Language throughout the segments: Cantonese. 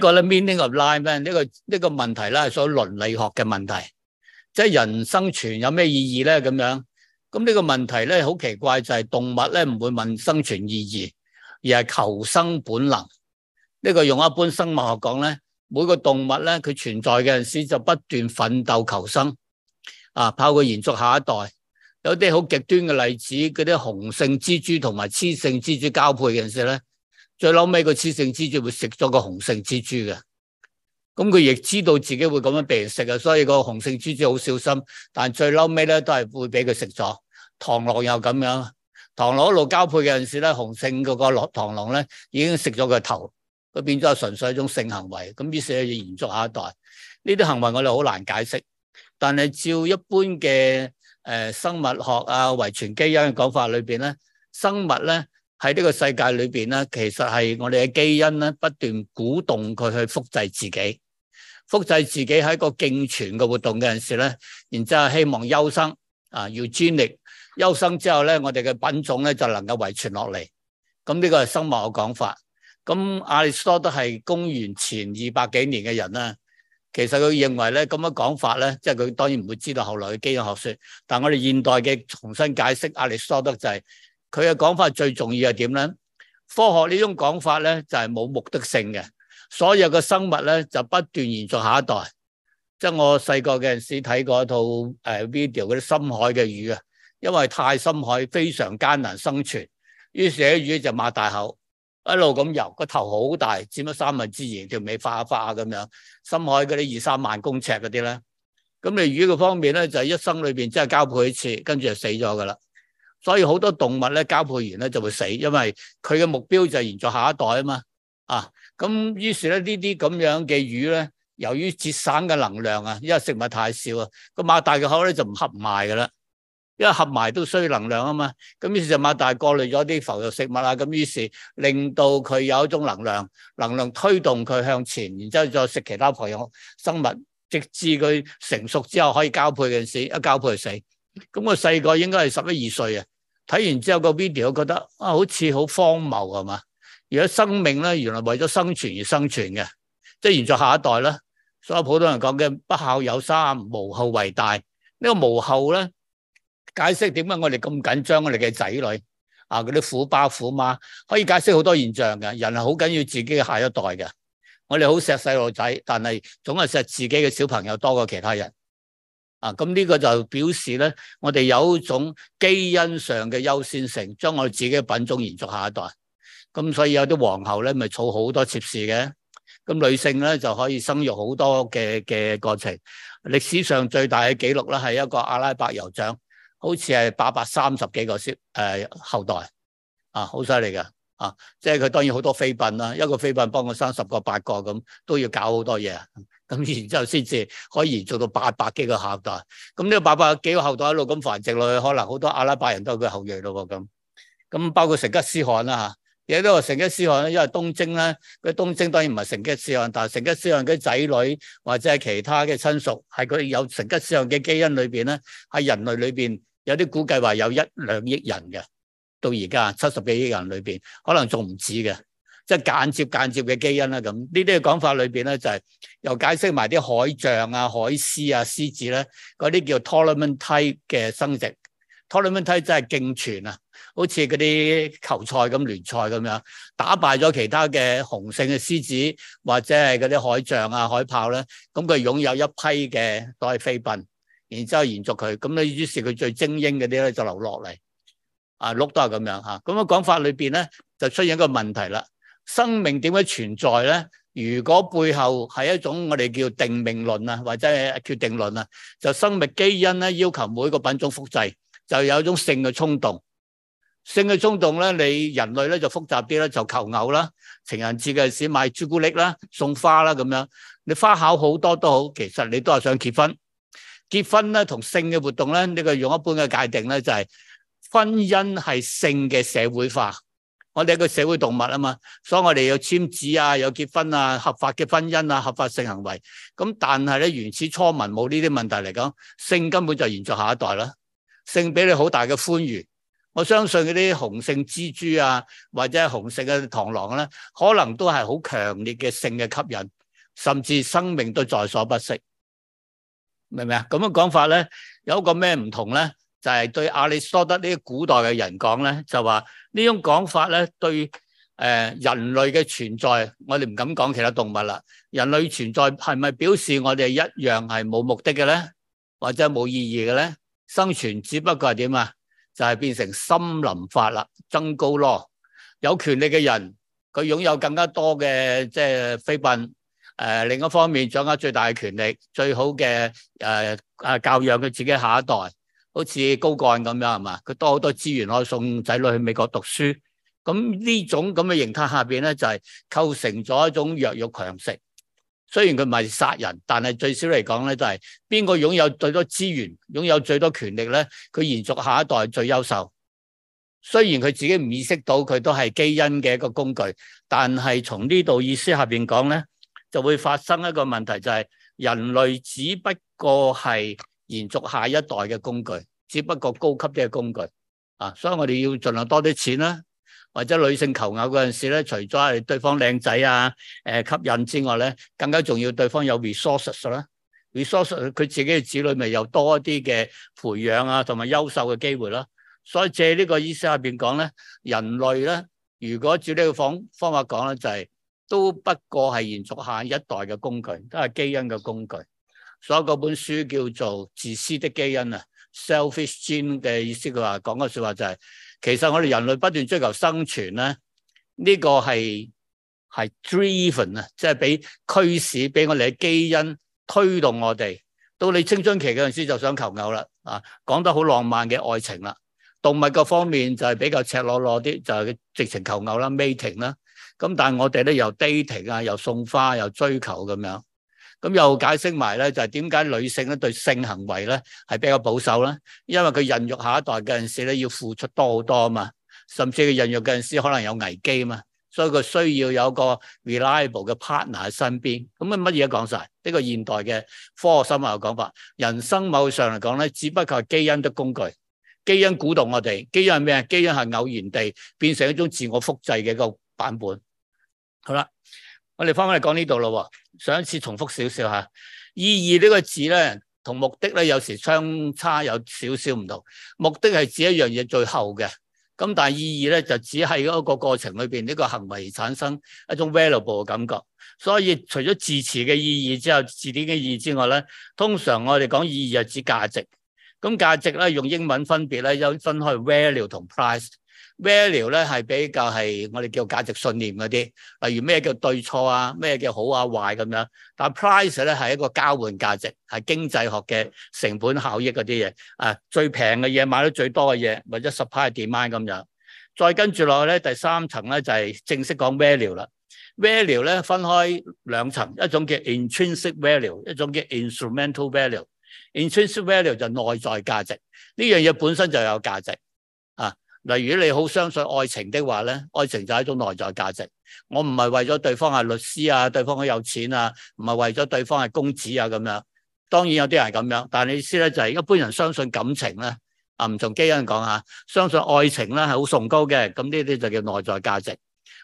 個 meaning of life 咧，呢個呢、這個問題啦，所倫理學嘅問題，即係人生存有咩意義咧？咁樣咁呢、這個問題咧，好奇怪就係動物咧唔會問生存意義，而係求生本能。呢、這個用一般生物學講咧，每個動物咧佢存在嘅時候就不斷奮鬥求生啊，包括延續下一代。有啲好極端嘅例子，嗰啲雄性蜘蛛同埋雌性蜘蛛交配嘅陣時咧，最嬲尾個雌性蜘蛛會食咗個雄性蜘蛛嘅。咁佢亦知道自己會咁樣被人食啊，所以個雄性蜘蛛好小心。但最嬲尾咧都係會俾佢食咗。螳螂又咁樣，螳螂一路交配嘅陣時咧，雄性嗰個螳螂咧已經食咗個頭，佢變咗係純粹一種性行為。咁於是要延續下一代。呢啲行為我哋好難解釋，但係照一般嘅。誒生物學啊，遺傳基因嘅講法裏邊咧，生物咧喺呢個世界裏邊咧，其實係我哋嘅基因咧不斷鼓動佢去複製自己，複製自己喺一個競存嘅活動嘅陣時咧，然之後希望優生啊，要專力優生之後咧，我哋嘅品種咧就能夠遺傳落嚟。咁呢個係生物嘅講法。咁亞里士多德係公元前二百幾年嘅人啦。其實佢認為咧咁樣講法咧，即係佢當然唔會知道後來嘅基因學説。但係我哋現代嘅重新解釋亞里士多德就係佢嘅講法，最重要係點咧？科學這種呢種講法咧就係、是、冇目的性嘅，所有嘅生物咧就不斷延續下一代。即係我細個嘅陣時睇過一套誒 video 嗰啲深海嘅魚啊，因為太深海非常艱難生存，於是咧魚就擘大口。一路咁游，個頭好大，佔咗三分之二，條尾花花咁樣。深海嗰啲二三萬公尺嗰啲咧，咁你魚嘅方面咧就是、一生裏面只係交配一次，跟住就死咗噶啦。所以好多動物咧交配完咧就會死，因為佢嘅目標就係延續下一代啊嘛。啊，咁於是咧呢啲咁樣嘅魚咧，由於節省嘅能量啊，因為食物太少啊，個馬大嘅口咧就唔合埋噶啦。因為合埋都需要能量啊嘛，咁於是就擘大過濾咗啲浮游食物啦，咁於是令到佢有一種能量，能量推動佢向前，然之後再食其他各樣生物，直至佢成熟之後可以交配嘅時，一交配就死。咁個細個應該係十一二歲啊，睇完之後個 video 我覺得啊，好似好荒謬，係嘛？如果生命咧，原來為咗生存而生存嘅，即係延續下一代啦。所以普通人講嘅不孝有三，無後為大。呢個無後咧。解釋點解我哋咁緊張？我哋嘅仔女啊，嗰啲虎爸虎媽可以解釋好多現象嘅。人係好緊要自己嘅下一代嘅。我哋好錫細路仔，但係總係錫自己嘅小朋友多過其他人。啊，咁呢個就表示咧，我哋有一種基因上嘅優先性，將我哋自己嘅品種延續下一代。咁所以有啲皇后咧，咪儲好多妾侍嘅。咁女性咧就可以生育好多嘅嘅過程。歷史上最大嘅記錄咧係一個阿拉伯酋長。好似係八百三十幾個誒後代啊，好犀利㗎。啊！即係佢當然好多妃嬪啦，一個妃嬪幫我生十個八個咁，都要搞好多嘢，咁然之後先至可以做到八百幾個後代。咁呢個八百幾個後代一路咁繁殖落去，可能好多阿拉伯人都係佢後裔咯咁。咁包括成吉思汗啦吓，而家都話成吉思汗咧，因為東征咧，佢東征當然唔係成吉思汗，但係成吉思汗嘅仔女或者係其他嘅親屬，係佢有成吉思汗嘅基因裏面咧，喺人類裏面。有啲估計話有一兩億人嘅，到而家七十幾億人裏面可能仲唔止嘅，即係間接間接嘅基因啦。咁呢啲講法裏面咧、就是，就係又解釋埋啲海象啊、海獅啊、獅子咧，嗰啲叫 tolerant type 嘅生殖，tolerant type 真係勁全啊，好似嗰啲球賽咁聯賽咁樣，打敗咗其他嘅雄性嘅獅子或者係嗰啲海象啊、海豹咧，咁佢擁有一批嘅都係飛奔。然之後延續佢，咁咧於是佢最精英嗰啲咧就留落嚟，啊碌都係咁樣吓。咁樣講法裏邊咧就出現一個問題啦：生命點解存在咧？如果背後係一種我哋叫定命論啊，或者係決定論啊，就生命基因咧要求每一個品種複製，就有一種性嘅衝動。性嘅衝動咧，你人類咧就複雜啲咧，就求偶啦，情人節嘅時買朱古力啦，送花啦咁樣。你花巧好多都好，其實你都係想結婚。結婚咧同性嘅活動咧，呢個用一般嘅界定咧就係、是、婚姻係性嘅社會化。我哋係個社會動物啊嘛，所以我哋要簽字啊，有結婚啊，合法嘅婚姻啊，合法性行為。咁但係咧，原始初民冇呢啲問題嚟講，性根本就延續下一代啦。性俾你好大嘅歡愉，我相信嗰啲雄性蜘蛛啊，或者雄性嘅螳螂咧，可能都係好強烈嘅性嘅吸引，甚至生命都在所不惜。明唔明啊？咁樣講法咧，有一個咩唔同咧？就係、是、對亞里士多德呢啲古代嘅人講咧，就話呢種講法咧，對誒人類嘅存在，我哋唔敢講其他動物啦。人類存在係咪表示我哋一樣係冇目的嘅咧，或者冇意義嘅咧？生存只不過係點啊？就係、是、變成森林法啦，增高咯。有權力嘅人，佢擁有更加多嘅即係飛奔。誒、呃、另一方面，掌握最大嘅權力，最好嘅誒啊教養佢自己下一代，好似高幹咁樣係嘛？佢多好多資源可以送仔女去美國讀書。咁呢種咁嘅形態下邊咧，就係、是、構成咗一種弱肉強食。雖然佢唔係殺人，但係最少嚟講咧，就係邊個擁有最多資源、擁有最多權力咧？佢延續下一代最優秀。雖然佢自己唔意識到佢都係基因嘅一個工具，但係從呢度意思下邊講咧。就會發生一個問題，就係、是、人類只不過係延續下一代嘅工具，只不過高級啲嘅工具啊，所以我哋要盡量多啲錢啦，或者女性求偶嗰陣時咧，除咗係對方靚仔啊，誒、呃、吸引之外咧，更加重要對方有 resources 啦，resources 佢自己嘅子女咪有多一啲嘅培養啊，同埋優秀嘅機會啦。所以借呢個意思入邊講咧，人類咧，如果照呢個方方法講咧，就係、是。都不過係延續下一代嘅工具，都係基因嘅工具。所以嗰本書叫做《自私的基因》啊，selfish gene 嘅意思佢話，講個說話就係，其實我哋人類不斷追求生存咧，呢個係係 driven 啊，即係俾驅使，俾我哋嘅基因推動我哋。到你青春期嗰陣時就想求偶啦，啊，講得好浪漫嘅愛情啦。動物方面就係比較赤裸裸啲，就係直情求偶啦，mating 啦。咁但係我哋咧又 dating 啊，又送花，又追求咁樣，咁又解釋埋咧就係點解女性咧對性行為咧係比較保守啦，因為佢孕育下一代嗰陣時咧要付出多好多啊嘛，甚至佢孕育嗰陣時可能有危機啊嘛，所以佢需要有個 reliable 嘅 partner 喺身邊。咁啊乜嘢都講晒，呢個現代嘅科學生物嘅講法，人生某上嚟講咧，只不過係基因的工具，基因鼓動我哋，基因係咩？基因係偶然地變成一種自我複製嘅一個版本。好啦，我哋翻返嚟講呢度咯。上一次重複少少吓，意義呢個字咧，同目的咧有時相差有少少唔同。目的係指一樣嘢最後嘅，咁但係意義咧就只係一個過程裏面呢個行為產生一種 valuable 嘅感覺。所以除咗字詞嘅意義之後，字典嘅意義之外咧，通常我哋講意義就指價值。咁價值咧用英文分別咧有分開 value 同 price。value 咧係比較係我哋叫價值信念嗰啲，例如咩叫對錯啊，咩叫好啊壞咁樣。但 price 咧係一個交換價值，係經濟學嘅成本效益嗰啲嘢。啊，最平嘅嘢買到最多嘅嘢，或者 supply demand 咁樣。再跟住落去咧，第三層咧就係正式講 value 啦。value 咧分開兩層，一種叫 intrinsic value，一種叫 instrumental value。intrinsic value 就內在價值，呢樣嘢本身就有價值。例如你好相信愛情的話咧，愛情就係一種內在價值。我唔係為咗對方係律師啊，對方好有錢啊，唔係為咗對方係公子啊咁樣。當然有啲人係咁樣，但係你意思咧，就係一般人相信感情咧，啊唔同基因講嚇，相信愛情咧係好崇高嘅。咁呢啲就叫內在價值，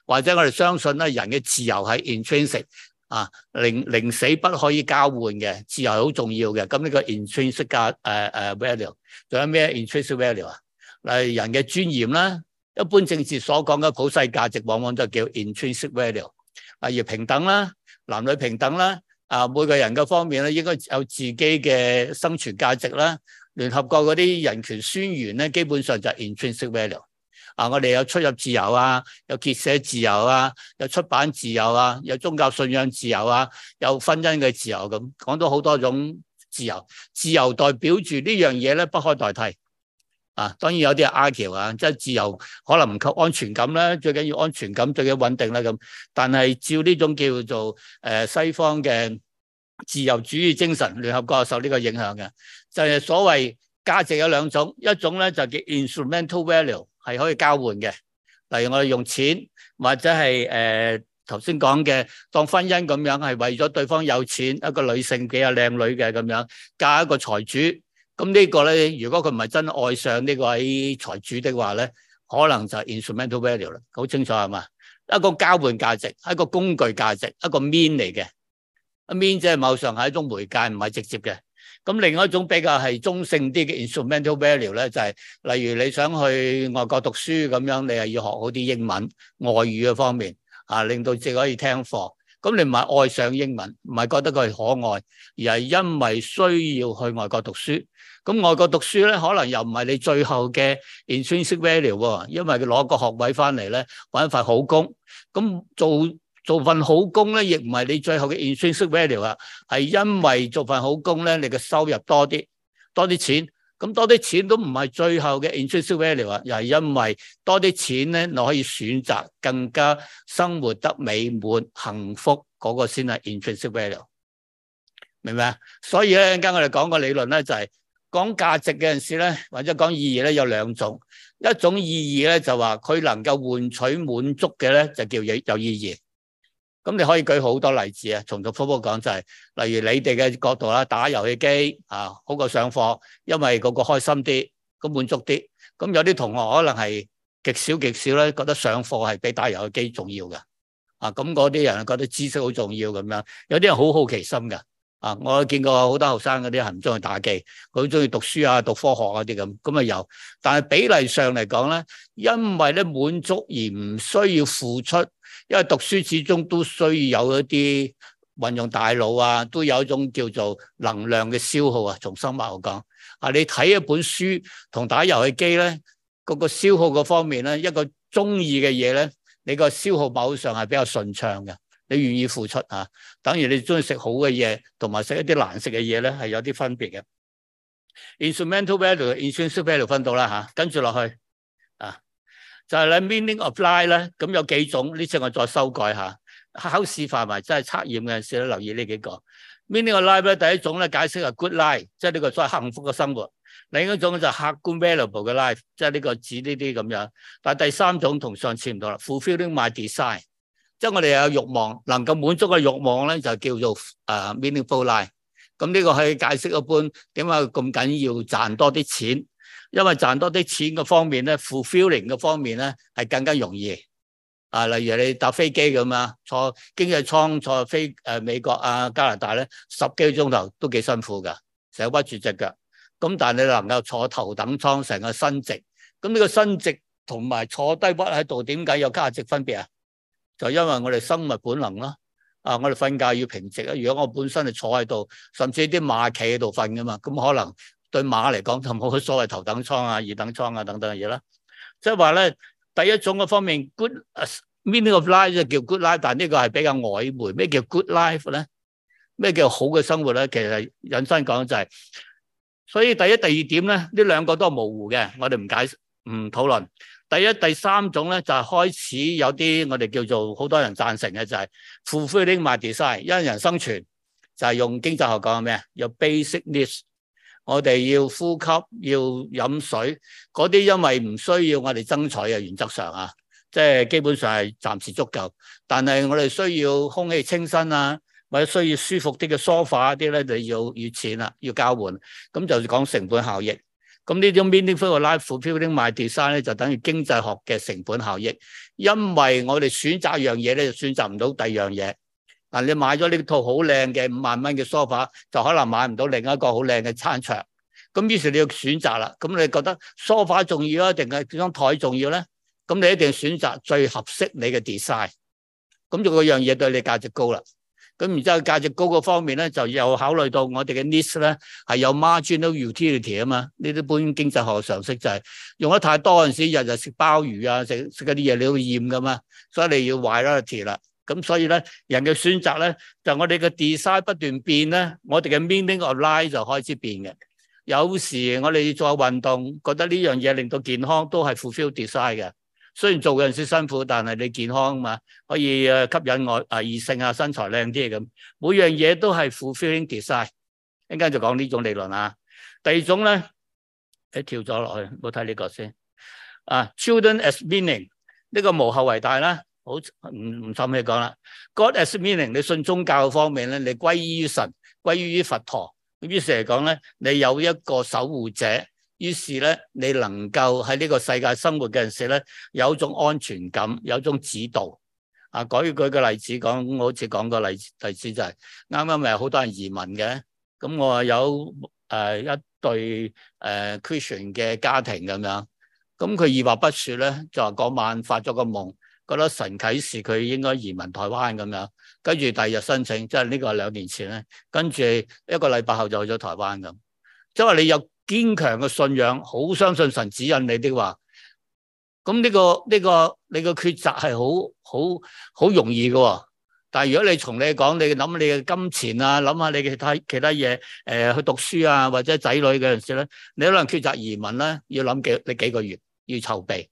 或者我哋相信咧人嘅自由係 intrinsic 啊，寧寧死不可以交換嘅，自由係好重要嘅。咁呢個 intrinsic 誒誒 value，仲有咩 intrinsic value 啊？例如人嘅尊嚴啦，一般政治所講嘅普世價值，往往就叫 intrinsic value。例如平等啦，男女平等啦，啊，每個人嘅方面咧應該有自己嘅生存價值啦。聯合國嗰啲人權宣言咧，基本上就係 intrinsic value。啊，我哋有出入自由啊，有結社自由啊，有出版自由啊，有宗教信仰自由啊，有婚姻嘅自由咁，講到好多種自由，自由代表住呢樣嘢咧，不可代替。啊，當然有啲係阿橋啊，即係自由可能唔夠安全感啦，最緊要安全感，最緊穩定啦咁。但係照呢種叫做誒西方嘅自由主義精神，聯合國受呢個影響嘅，就係所謂價值有兩種，一種咧就叫 instrumental value 係可以交換嘅，例如我哋用錢或者係誒頭先講嘅當婚姻咁樣，係為咗對方有錢，一個女性幾有靚女嘅咁樣嫁一個財主。咁呢個咧，如果佢唔係真愛上呢個財主的話咧，可能就係 instrumental value 啦，好清楚係嘛？一個交換價值，一個工具價值，一個 mean 嚟嘅。mean 即係某上係一種媒介，唔係直接嘅。咁另外一種比較係中性啲嘅 instrumental value 咧，就係、是、例如你想去外國讀書咁樣，你係要學好啲英文、外語嘅方面啊，令到自己可以聽課。咁你唔係愛上英文，唔係覺得佢係可愛，而係因為需要去外國讀書。咁外國讀書咧，可能又唔係你最後嘅 intrinsic value 喎，因為佢攞個學位翻嚟咧，搵份好工。咁做做份好工咧，亦唔係你最後嘅 intrinsic value 啊，係因為做份好工咧，你嘅收入多啲，多啲錢。咁多啲錢都唔係最後嘅 intrinsic value 啊，又係因為多啲錢咧，你可以選擇更加生活得美滿幸福嗰、那個先係 intrinsic value。明唔明啊？所以咧，陣間我哋講個理論咧，就係、是。講價值嘅陣時咧，或者講意義咧，有兩種，一種意義咧就話佢能夠換取滿足嘅咧，就叫有意義。咁你可以舉好多例子啊，從頭科科講就係、是，例如你哋嘅角度啦，打遊戲機啊好過上課，因為個個開心啲，咁、那個、滿足啲。咁有啲同學可能係極少極少咧，覺得上課係比打遊戲機重要嘅。啊，咁嗰啲人覺得知識好重要咁樣，有啲人好好奇心噶。啊！我見過好多學生嗰啲係唔中意打機，佢中意讀書啊、讀科學啊啲咁，咁啊有。但係比例上嚟講咧，因為咧滿足而唔需要付出，因為讀書始終都需要有一啲運用大腦啊，都有一種叫做能量嘅消耗啊。從生物學講，啊你睇一本書同打遊戲機咧，嗰個消耗個方面咧，一個中意嘅嘢咧，你個消耗某上係比較順暢嘅。你願意付出啊？等於你中意食好嘅嘢，同埋食一啲難食嘅嘢咧，係有啲分別嘅。Instrumental value instrumental value 分到啦吓，跟住落去啊，就係咧 meaning of life 咧，咁有幾種？呢次我再修改下，考試範圍真係測驗嘅時候留意呢幾個 meaning of life 咧。第一種咧解釋係 good life，即係呢個所謂幸福嘅生活。另一種就係客觀 valuable 嘅 life，即係呢個指呢啲咁樣。但係第三種同上次唔同啦，fulfilling my desire。即係我哋有欲望，能夠滿足嘅欲望咧，就叫做誒 meaningful life 咁呢個可以解釋一般點解咁緊要賺多啲錢，因為賺多啲錢嘅方面咧，fulfilling 嘅方面咧係更加容易。啊，例如你搭飛機咁啊，坐經濟艙坐飛、呃、美國啊加拿大咧十幾個鐘頭都幾辛苦㗎，成日屈住隻腳。咁但係你能夠坐頭等艙成個身直。咁呢個身直同埋坐低屈喺度，點解有價值分別啊？就因為我哋生物本能啦，啊，我哋瞓覺要平直啊。如果我本身係坐喺度，甚至啲馬企喺度瞓㗎嘛，咁可能對馬嚟講就冇所謂頭等艙啊、二等艙啊等等嘅嘢啦。即係話咧，第一種嘅方面，good Meaning of life 就叫 good life，但呢個係比較曖昧。咩叫 good life 咧？咩叫好嘅生活咧？其實引申講就係，所以第一、第二點咧，呢兩個都係模糊嘅，我哋唔解唔討論。第一、第三種咧就係、是、開始有啲我哋叫做好多人贊成嘅就係、是、fulfilling my design，因人生存就係、是、用經濟學講咩啊？basic needs 我哋要呼吸，要飲水嗰啲，因為唔需要我哋爭取嘅原則上啊，即、就、係、是、基本上係暫時足夠。但係我哋需要空氣清新啊，或者需要舒服啲嘅梳化嗰啲咧，就要要錢啦，要交換。咁就講成本效益。咁呢啲 meaningful life building my design 咧，就等於經濟學嘅成本效益，因為我哋選擇一樣嘢咧，就選擇唔到第二樣嘢。嗱，你買咗呢套好靚嘅五萬蚊嘅 sofa，就可能買唔到另一個好靚嘅餐桌。咁於是你要選擇啦，咁你覺得 sofa 重要啊，定係張台重要咧？咁你一定要選擇最合適你嘅 design，咁就嗰樣嘢對你價值高啦。咁然之後價值高個方面咧，就又考慮到我哋嘅 needs 咧，係有 marginal utility 啊嘛。呢啲本經濟學常識就係用得太多嗰陣時，日日食鮑魚啊，食食嗰啲嘢，你會厭噶嘛。所以你要 variety 啦。咁所以咧，人嘅選擇咧，就是、我哋嘅 desire 不斷變咧，我哋嘅 meaning of life 就開始變嘅。有時我哋做運動，覺得呢樣嘢令到健康都係 fulfill desire 嘅。雖然做嘅陣時辛苦，但係你健康啊嘛，可以誒吸引外啊異性啊，身材靚啲咁。每樣嘢都係 fulfilling design。一陣間就講呢種理論啊。第二種咧，佢、哎、跳咗落去，冇睇呢個先。啊、uh,，children as meaning 呢個無後為大啦，好唔唔插咩講啦。God as meaning，你信宗教方面咧，你歸依於神，歸依於佛陀。於是嚟講咧，你有一個守護者。於是咧，你能夠喺呢個世界生活嘅陣時咧，有一種安全感，有一種指導。啊，改舉個例子講，我好似講個例子例子就係、是，啱啱咪有好多人移民嘅。咁我有誒一對誒 Christian 嘅家庭咁樣。咁佢二話不説咧，就話嗰晚發咗個夢，覺得神啟示佢應該移民台灣咁樣。跟住第二日申請，即係呢個係兩年前咧。跟住一個禮拜後就去咗台灣咁。即係你有。堅強嘅信仰，好相信神指引你的話，咁呢、呢個呢、呢個你個抉擇係好好好容易嘅，喎。但係如果你從你講，你諗你嘅金錢啊，諗下你嘅其他其他嘢，誒、呃、去讀書啊，或者仔女嘅陣時咧，你可能抉擇移民咧，要諗幾你幾個月，要籌備，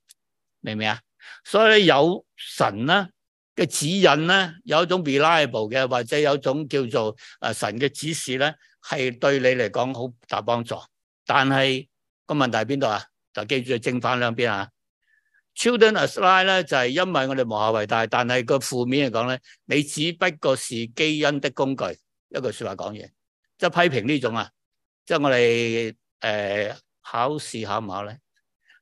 明唔明啊？所以有神咧嘅指引咧，有一種 reliable 嘅，或者有一種叫做誒神嘅指示咧，係對你嚟講好大幫助。但係個問題喺邊度啊？就記住正反兩邊啊。Children as life 咧就係因為我哋無後為大，但係個負面嚟講咧，你只不過是基因的工具，一句話說話講嘢，即係批評、呃、呢種啊。即係我哋誒考試考唔考咧？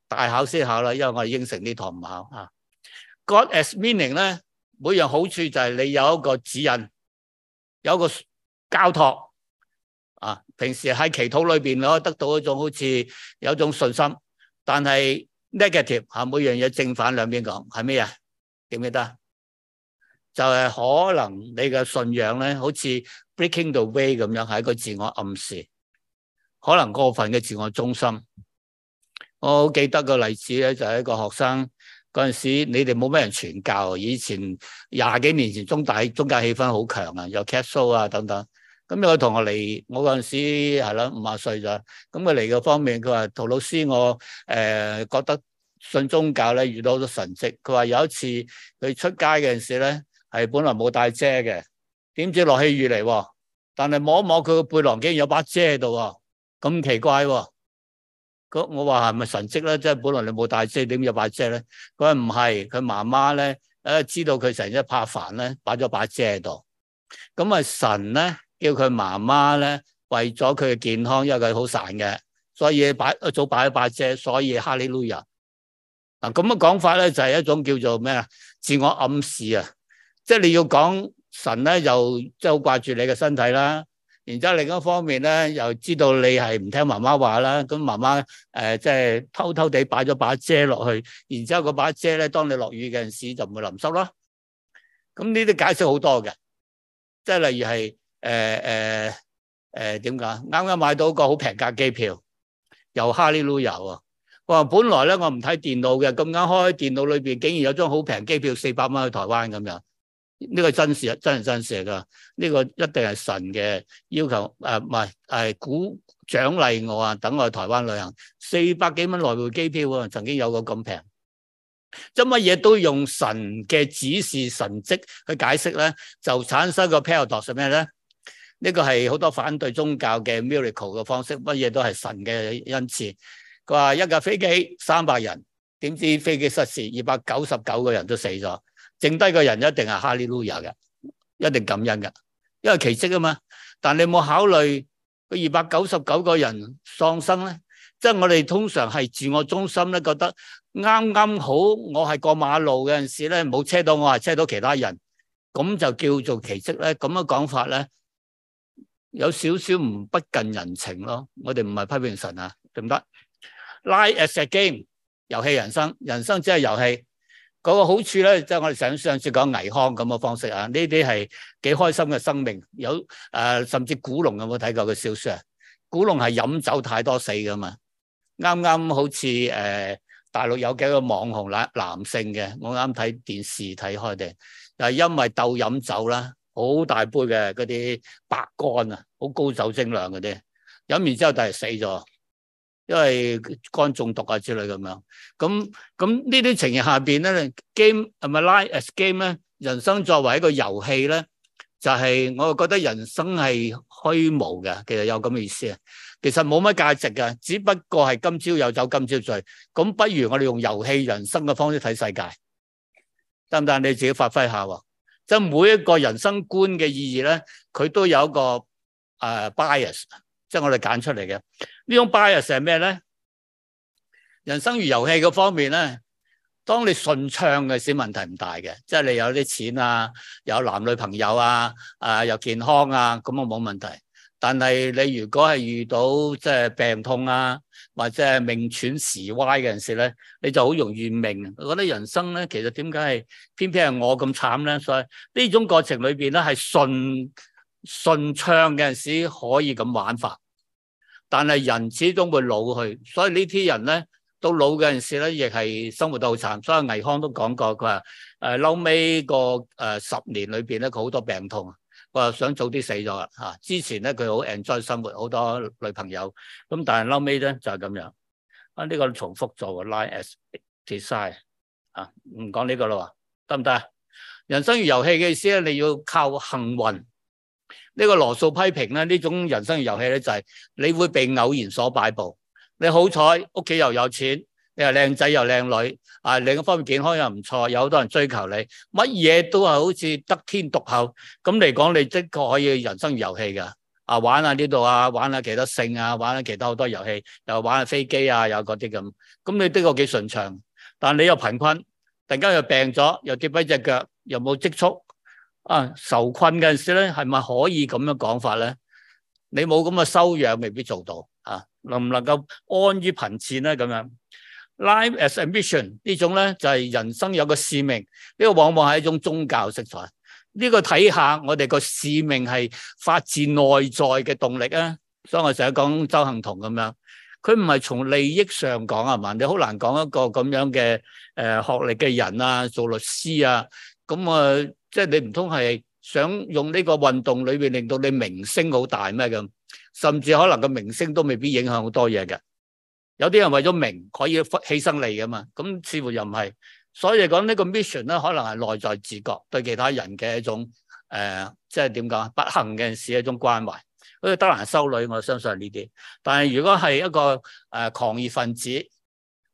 大考先考啦，因為我哋應承呢堂唔考吓。God as meaning 咧，每樣好處就係你有一個指引，有一個交託。啊！平時喺祈禱裏面咯，得到一種好似有一種信心，但係 negative 嚇、啊，每樣嘢正反兩邊講係咩啊？記唔記得？就係、是、可能你嘅信仰咧，好似 breaking the way 咁樣，係一個自我暗示，可能過分嘅自我中心。我好記得一個例子咧，就係、是、一個學生嗰陣時，你哋冇咩人傳教，以前廿幾年前中大中大氣氛好強啊，有 cat show 啊等等。咁有個同學嚟，我嗰陣時係啦，五廿歲咗。咁佢嚟嘅方面，佢話陶老師我，我、呃、誒覺得信宗教咧遇到好多神蹟。佢話有一次佢出街嗰陣時咧，係本來冇帶遮嘅，點知落起雨嚟喎。但係摸一摸佢個背囊，竟然有把遮喺度喎，咁奇怪喎、哦。我話係咪神蹟咧？即係本來你冇帶遮，點有把遮咧？佢話唔係，佢媽媽咧誒知道佢成日怕煩咧，擺咗把遮喺度。咁啊神咧～叫佢媽媽咧，為咗佢嘅健康，因為佢好孱嘅，所以擺早擺一把遮，所以哈利路亞嗱。咁嘅講法咧，就係一種叫做咩啊？自我暗示啊！即係你要講神咧，又即係好掛住你嘅身體啦。然之後另一方面咧，又知道你係唔聽媽媽話啦。咁媽媽誒，即係偷偷地擺咗把遮落去。然之後個把遮咧，當你落雨嘅陣時就唔會淋濕咯。咁呢啲解釋好多嘅，即係例如係。誒誒誒，點解？啱啱買到個好平價機票，由哈利路游啊！我話本來咧，我唔睇電腦嘅，咁啱開電腦裏邊，竟然有張好平機票，四百蚊去台灣咁樣。呢、這個真事真人真事噶，呢、這個一定係神嘅要求。誒、啊，唔係，係鼓獎勵我啊，等我去台灣旅行，四百幾蚊來回機票啊，曾經有個咁平。即乜嘢都用神嘅指示神蹟去解釋咧，就產生個 paradox 係咩咧？呢個係好多反對宗教嘅 miracle 嘅方式，乜嘢都係神嘅恩賜。佢話一架飛機三百人，點知飛機失事，二百九十九個人都死咗，剩低個人一定係 Hallelujah 嘅，一定感恩㗎，因為奇蹟啊嘛。但你冇考慮個二百九十九個人喪生咧，即係我哋通常係自我中心咧，覺得啱啱好我係過馬路嗰陣時咧，冇車到我，係車到其他人，咁就叫做奇蹟咧。咁樣講法咧。有少少唔不近人情咯，我哋唔係批評神啊，對唔對？Life is a game，遊戲人生，人生只係遊戲。嗰、那個好處咧，即、就、係、是、我哋上次講倪康咁嘅方式啊，呢啲係幾開心嘅生命。有誒、呃，甚至古龍有冇睇過嘅小說？古龍係飲酒太多死噶嘛？啱啱好似誒、呃，大陸有幾個網紅男男性嘅，我啱睇電視睇開定，就係、是、因為鬥飲酒啦。好大杯嘅嗰啲白乾啊，好高酒精量嗰啲，飲完之後就係死咗，因為肝中毒啊之類咁樣。咁咁呢啲情形下邊咧，game 係咪 life as game 咧，人生作為一個遊戲咧，就係、是、我覺得人生係虛無嘅，其實有咁嘅意思啊。其實冇乜價值嘅，只不過係今朝有酒今朝醉，咁不如我哋用遊戲人生嘅方式睇世界，得唔得？你自己發揮下喎。即係每一個人生觀嘅意義咧，佢都有一個誒、uh, bias，即係我哋揀出嚟嘅。呢種 bias 係咩咧？人生如遊戲嘅方面咧，當你順暢嘅時，問題唔大嘅，即係你有啲錢啊，有男女朋友啊，啊又健康啊，咁啊冇問題。但係你如果係遇到即係病痛啊，或者係命喘時歪嘅陣時咧，你就好容易明。我覺得人生咧其實點解係偏偏係我咁慘咧？所以呢種過程裏面是，咧係順順暢嘅陣時候可以咁玩法，但係人始終會老去，所以呢啲人咧到老嘅陣時咧亦係生活得好慘。所以倪匡都講過，佢話誒後尾、那個誒、呃、十年裏面呢，咧佢好多病痛。我想早啲死咗啦吓，之前咧佢好 enjoy 生活，好多女朋友咁，但係撈尾咧就係咁樣。啊、這、呢個重複做嘅 life as design 啊，唔講呢個啦喎，得唔得？人生如遊戲嘅意思咧，你要靠幸運。呢、這個羅素批評咧，呢種人生如遊戲咧就係你會被偶然所擺佈。你好彩屋企又有錢。又靚仔又靚女，啊另一方面健康又唔錯，有好多人追求你，乜嘢都係好似得天獨厚。咁嚟講，你的確可以人生如遊戲㗎。啊玩下呢度啊，玩下、啊啊啊、其他性啊，玩下、啊、其他好多遊戲，又玩下、啊、飛機啊，有嗰啲咁。咁你的確幾順暢，但你又貧困，突然間又病咗，又跌跛隻腳，又冇積蓄。啊，受困嗰陣時咧，係咪可以咁樣講法咧？你冇咁嘅修養，未必做到啊。能唔能夠安於貧賤咧？咁樣。Live as a mission 呢種咧就係、是、人生有個使命，呢、這個往往係一種宗教色彩。呢、這個睇下我哋個使命係發自內在嘅動力啊！所以我成日講鄒幸彤咁樣，佢唔係從利益上講啊嘛！你好難講一個咁樣嘅誒、呃、學歷嘅人啊，做律師啊，咁啊，即係你唔通係想用呢個運動裏面令到你名聲好大咩咁？甚至可能個名聲都未必影響好多嘢嘅。有啲人為咗名可以犧牲你嘅嘛，咁似乎又唔係，所以嚟講呢個 mission 咧，可能係內在自覺對其他人嘅一種誒、呃，即係點講啊，不幸嘅事的一種關懷，好似德蘭修女，我相信係呢啲。但係如果係一個誒、呃、狂熱分子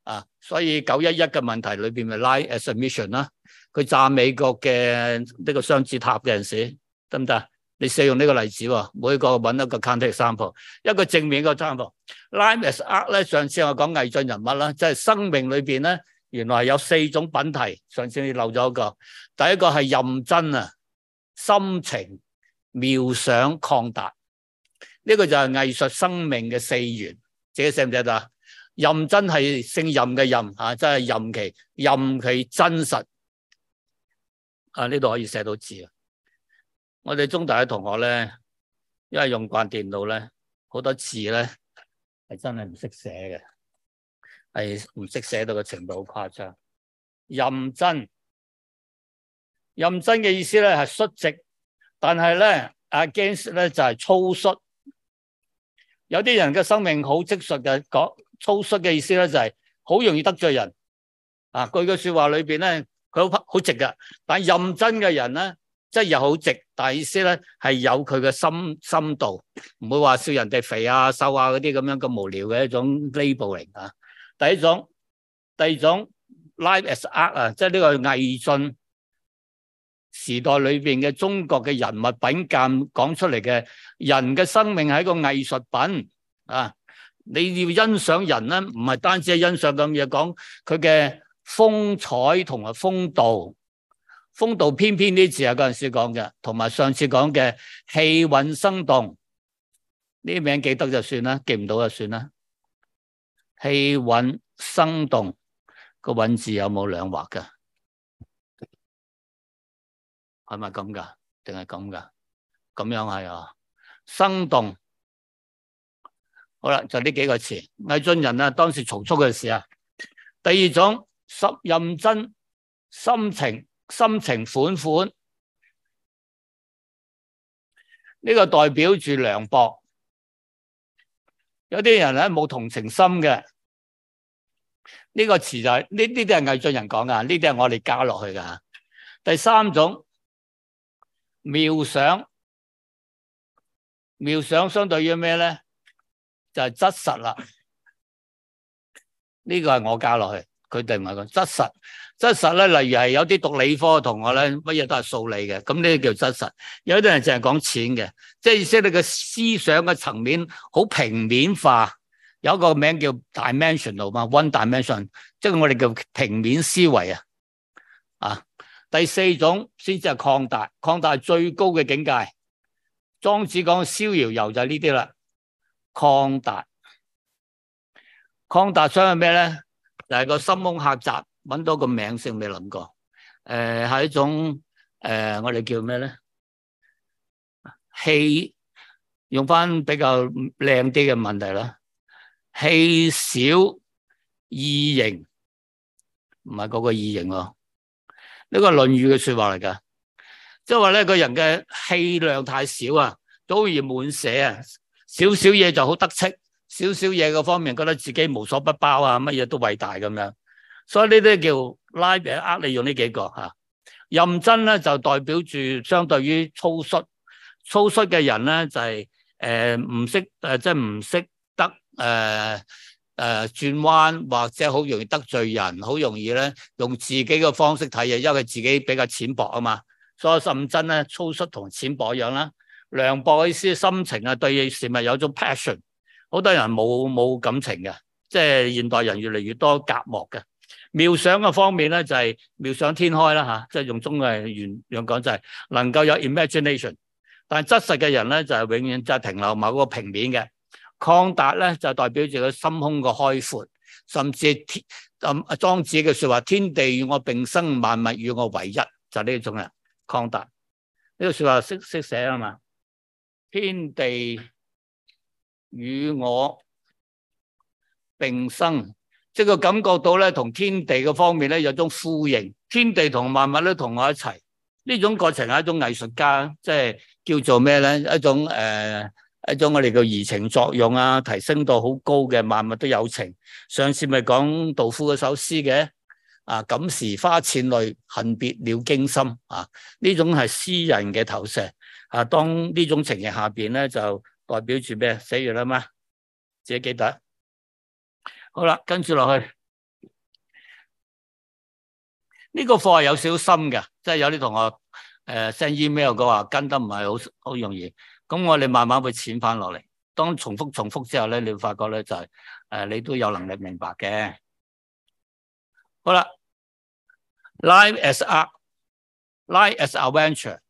啊，所以九一一嘅問題裏邊咪拉誒 mission 啦、啊，佢炸美國嘅呢個雙子塔嘅陣時，得唔得啊？你使用呢個例子喎，每個揾一個 counter example，一,一個正面一個 example。拉米斯阿咧，上次我講魏晉人物啦，即、就、係、是、生命裏邊咧，原來有四種品題。上次你漏咗一個，第一個係任真啊，心情妙想擴達，呢、這個就係藝術生命嘅四元，自己識唔識得啊？任真係姓任嘅任啊，即、就、係、是、任其任其真實啊，呢度可以寫到字啊。我哋中大嘅同學咧，因為用慣電腦咧，好多字咧係真係唔識寫嘅，係唔識寫到個程度好誇張。任真，任真嘅意思咧係率直，但係咧啊 s 咧就係粗率。有啲人嘅生命好直率嘅，講粗率嘅意思咧就係好容易得罪人。啊，句句說話裏邊咧，佢好好直嘅，但係任真嘅人咧。即係又好直，但意思咧係有佢嘅深深度，唔會話笑人哋肥啊瘦啊嗰啲咁樣咁無聊嘅一種 labelling 啊。第一種，第二種 live as art 啊，即係呢個魏晉時代裏邊嘅中國嘅人物品鑑講出嚟嘅人嘅生命係一個藝術品啊。你要欣賞人咧，唔係單止係欣賞咁嘢講佢嘅風采同埋風度。風度翩翩啲字啊，嗰陣時講嘅，同埋上次講嘅氣韻生動呢啲名字記得就算啦，記唔到就算啦。氣韻生動，個韻字有冇兩畫嘅？係咪咁噶？定係咁噶？咁樣係啊。生動好啦，就呢幾個詞。魏晉人啊，當時曹操嘅事啊。第二種，十認真心情。心情款款，呢、這個代表住涼薄。有啲人咧冇同情心嘅，呢、這個詞就係呢啲都係魏晉人講噶，呢啲係我哋加落去噶。第三種，妙想，妙想相對於咩咧？就係、是、質實啦。呢、這個係我加落去，佢哋唔係講質實。真實咧，例如係有啲讀理科嘅同學咧，乜嘢都係數理嘅，咁呢啲叫真實。有啲人淨係講錢嘅，即係意思你嘅思想嘅層面好平面化。有一個名叫 dimension 啊嘛，one dimension，即係我哋叫平面思維啊。啊，第四種先至係擴大，擴大最高嘅境界。莊子講逍遙遊就係呢啲啦，擴大，擴大相係咩咧？就係、是、個心胸狹窄。搵到個名性未諗過，誒、呃，係一種誒、呃，我哋叫咩咧？氣用翻，比較靚啲嘅問題啦，氣少易盈，唔係嗰個異形喎，哦，呢、這個《論語》嘅說話嚟噶，即係話咧，個人嘅氣量太少啊，都要滿瀉啊，少少嘢就好得戚，少少嘢個方面，覺得自己無所不包啊，乜嘢都偉大咁樣。所以呢啲叫拉 e 呃你用呢幾個吓，認真咧就代表住相對於粗疏，粗疏嘅人咧就係誒唔識誒、呃、即係唔識得誒誒、呃呃、轉彎或者好容易得罪人，好容易咧用自己嘅方式睇嘢，因為佢自己比較淺薄啊嘛。所以甚真咧粗疏同淺薄一樣啦，涼薄嘅意思心情啊對事物有種 passion，好多人冇冇感情嘅，即係現代人越嚟越多隔膜嘅。妙想嘅方面咧，就係妙想天開啦嚇，即、就、係、是、用中嘅原樣講就係能夠有 imagination，但係質實嘅人咧就係永遠就停留某個平面嘅。曠達咧就代表住佢心胸嘅開闊，甚至天莊、嗯、子嘅說話：天地與我並生，萬物與我為一，就呢、是、種啊曠達呢個説話識識寫係嘛？天地與我並生。即係感覺到咧，同天地嘅方面咧有一種呼應，天地同萬物都同我一齊。呢種過程係一種藝術家，即係叫做咩咧？一種誒、呃，一種我哋叫移情作用啊，提升到好高嘅，萬物都有情。上次咪講杜甫嘅首詩嘅啊，感時花濺淚，恨別鳥驚心啊。呢種係詩人嘅投射啊。當呢種情形下面咧，就代表住咩？寫完啦嗎？自己記得。好啦，跟住落去呢，這個課係有少少深嘅，即係有啲同學誒 send email 講話跟得唔係好好容易，咁我哋慢慢會淺翻落嚟。當重複重複之後咧，你會發覺咧就係、是、誒、呃、你都有能力明白嘅。好啦 Life as adventure,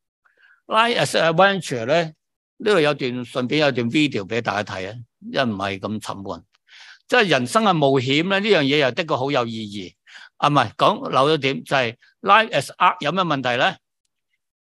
Life as adventure 咧呢度有段順便有段 video 俾大家睇啊，因為唔係咁沉悶。即係人生嘅冒險咧，呢樣嘢又的確好有意義。啊，唔係講漏咗點，就係、是、life as art 有咩問題咧？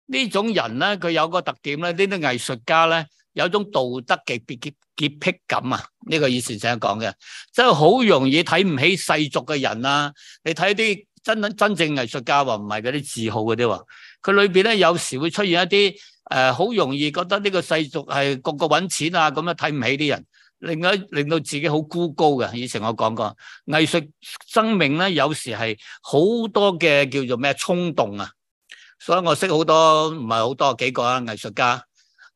呢種人咧，佢有個特點咧，呢啲藝術家咧有種道德嘅潔癖感啊！呢、呢個以前成日講嘅，即係好容易睇唔起世俗嘅人啊！你睇啲真真正藝術家話唔係嗰啲字號嗰啲話，佢裏面咧有時會出現一啲誒，好、呃、容易覺得呢個世俗係個個揾錢啊，咁樣睇唔起啲人。另外令到自己好孤高嘅，以前我講過，藝術生命咧有時係好多嘅，叫做咩衝動啊，所以我識好多唔係好多幾個藝術家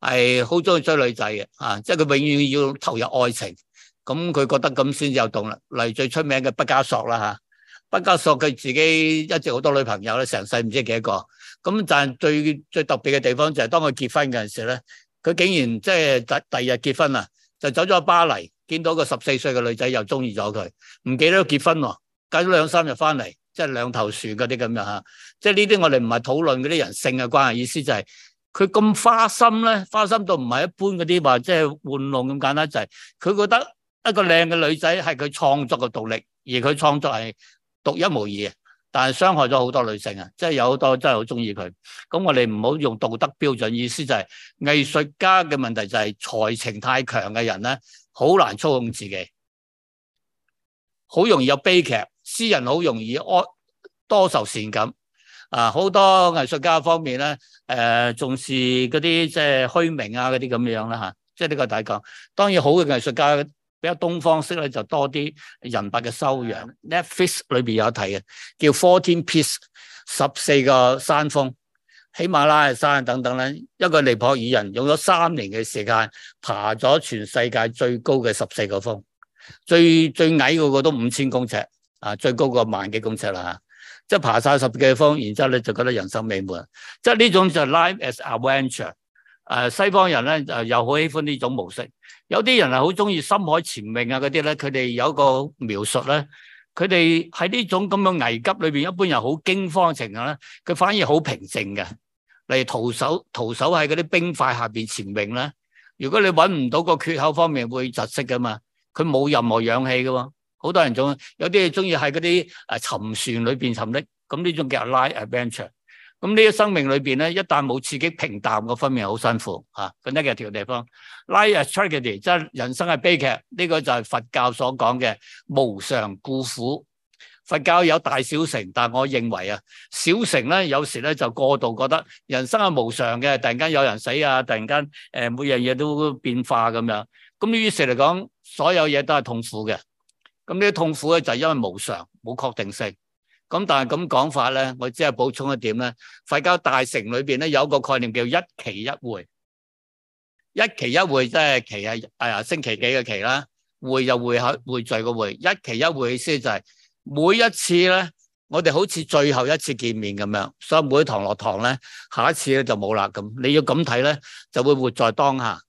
係好中意追女仔嘅啊，即係佢永遠要投入愛情，咁佢覺得咁先至有動啦。例如最出名嘅畢加索啦吓，畢加索佢自己一直好多女朋友咧，成世唔知幾多個，咁但係最最特別嘅地方就係當佢結婚嘅時候咧，佢竟然即係第第二日結婚啦。就走咗去了巴黎，見到一個十四歲嘅女仔又中意咗佢，唔記得結婚喎，隔咗兩三日返嚟，即係兩頭船嗰啲咁樣吓。即係呢啲我哋唔係討論嗰啲人性嘅關係，意思就係佢咁花心咧，花心到唔係一般嗰啲話即係玩弄咁簡單，就係佢覺得一個靚嘅女仔係佢創作嘅動力，而佢創作係獨一無二嘅。但係傷害咗好多女性啊！即係有好多真係好中意佢，咁我哋唔好用道德標準，意思就係藝術家嘅問題就係才情太強嘅人咧，好難操控自己，好容易有悲劇。詩人好容易多愁善感啊！好多藝術家方面咧，誒重視嗰啲即係虛名啊嗰啲咁樣啦吓，即係呢個大講。當然好嘅藝術家。而家東方式咧，就多啲人脈嘅修養。Netflix 裏邊有睇嘅，叫 Fourteen Peaks 十四個山峰，喜馬拉雅山等等咧。一個尼泊爾人用咗三年嘅時間爬咗全世界最高嘅十四個峰，最最矮個個都五千公尺啊，最高個萬幾公尺啦嚇。即係爬晒十幾個峰，然之後你就覺得人生美滿。即係呢種就係 Life as Adventure。誒西方人咧，就又好喜歡呢種模式，有啲人係好中意深海潛泳啊嗰啲咧，佢哋有一個描述咧，佢哋喺呢種咁樣危急裏面，一般人好驚慌情況咧，佢反而好平靜嘅，例如徒手徒手喺嗰啲冰塊下面潛泳啦，如果你揾唔到個缺口方面會窒息噶嘛，佢冇任何氧氣噶嘛。好多人仲有啲中意喺嗰啲誒沉船裏面沉溺，咁呢種叫 life adventure。咁呢啲生命裏邊咧，一旦冇刺激，平淡個分面好辛苦啊！咁呢嘅條地方，life tragedy 即係人生係悲劇，呢個就係佛教所講嘅無常故苦。佛教有大小乘但我認為啊，小乘咧有時咧就過度覺得人生係無常嘅，突然間有人死啊，突然間誒每樣嘢都變化咁樣。咁於是嚟講，所有嘢都係痛苦嘅。咁呢啲痛苦咧就係因為無常冇確定性。咁但係咁講法咧，我只係補充一點咧。佛教大城裏面咧有個概念叫一期一會。一期一會即係期係誒、哎、星期幾嘅期啦，會又會合會聚嘅會。一期一會意思就係每一次咧，我哋好似最後一次見面咁樣，所以每一堂落堂咧，下一次咧就冇啦。咁你要咁睇咧，就會活在當下。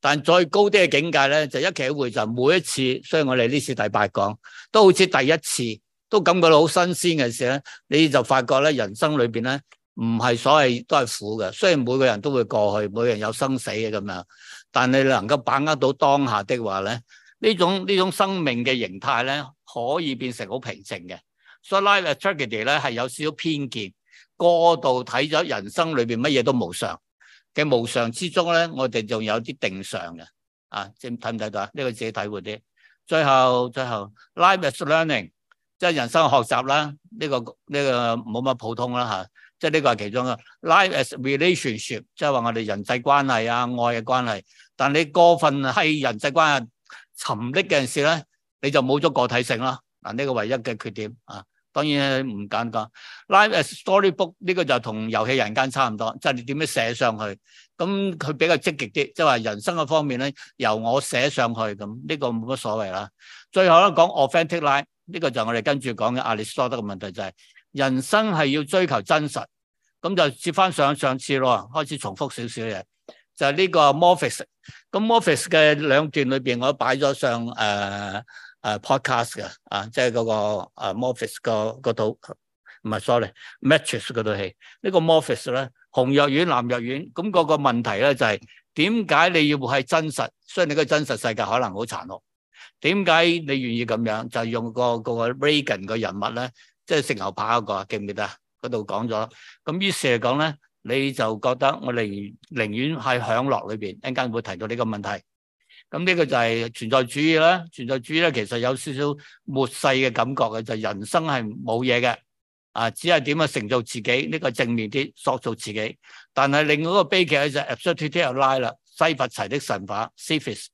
但最再高啲嘅境界咧，就一期一會就每一次。所以我哋呢次第八講都好似第一次。都感覺到好新鮮嘅時候咧，你就發覺咧人生裏面咧唔係所謂都係苦嘅。雖然每個人都會過去，每個人有生死嘅，咁樣但係你能夠把握到當下的話咧，呢種呢種生命嘅形態咧，可以變成好平靜嘅。所、so, 以 Life is tragedy 咧係有少少偏見，過度睇咗人生裏面乜嘢都無常嘅，無常之中咧，我哋仲有啲定常嘅。啊，正睇唔睇到啊？呢、這個自己睇會啲。最後最後 Life is learning。即係人生的學習啦，呢、這個呢、這個冇乜普通啦吓，即係呢個係其中嘅。Life as relationship，即係話我哋人際關係啊，愛嘅關係。但你過分係人際關係沉溺嘅時候咧，你就冇咗個體性啦。嗱、啊、呢、這個唯一嘅缺點啊，當然唔簡單。Life as storybook 呢個就同遊戲人間差唔多，即、就、係、是、你點樣寫上去，咁佢比較積極啲，即係話人生嘅方面咧，由我寫上去咁，呢個冇乜所謂啦。最後咧講 authentic life。呢個就係我哋跟住講嘅亞里士多德嘅問題，就係人生係要追求真實。咁就接翻上上，上次咯，開始重複少少嘢。就係、是、呢個莫菲斯咁莫菲斯嘅兩段裏面我都，我擺咗上誒誒 podcast 嘅啊，即係嗰個莫菲斯個嗰套，唔係 sorry，matrix 嗰套戲。呢個莫菲斯咧，紅藥丸、藍藥丸。咁嗰個問題咧就係點解你要係真實？雖然你個真實世界可能好殘酷。點解你願意咁樣就是、用、那個、那個 Reagan 個人物咧，即係食牛扒嗰、那個記唔記得啊？嗰度講咗，咁於是嚟講咧，你就覺得我寧寧願喺享樂裏邊，一陣間會提到呢個問題。咁呢個就係存在主義啦，存在主義咧其實有少少末世嘅感覺嘅，就是、人生係冇嘢嘅，啊只係點樣成就自己呢、這個正面啲塑造自己。但係另外個悲劇就 absurdity of life 啦，西弗齊的神話 Sisyphus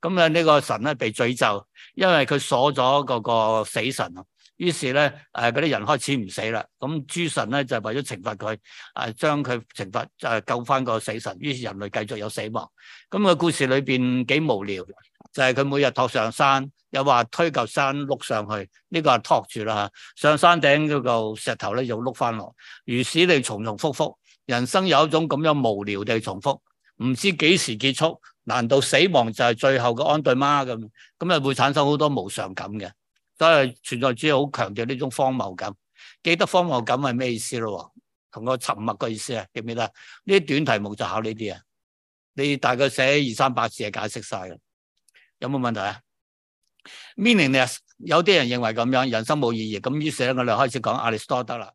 咁啊呢個神咧被詛咒，因為佢鎖咗嗰個死神啊。於是咧，誒嗰啲人開始唔死啦。咁諸神咧就為咗懲罰佢，誒將佢懲罰誒救翻個死神。於是，是人類繼續有死亡。咁、這個故事裏面幾無聊，就係、是、佢每日托上山，又話推嚿山碌上去，呢、這個托住啦。上山頂嗰石頭咧又碌翻落，如此地重，重複復複。人生有一種咁樣無聊地重複。唔知幾時結束？難道死亡就係最後嘅安頓嗎？咁咁又會產生好多無常感嘅。所以存在主義好強調呢種荒謬感。記得荒謬感係咩意思咯？同個沉默嘅意思啊，記唔記得？呢啲短題目就考呢啲啊。你大概寫二三百字係解釋晒嘅。有冇問題啊？meaningless 有啲人認為咁樣人生冇意義。咁於是咧，我哋開始講阿里斯多德啦。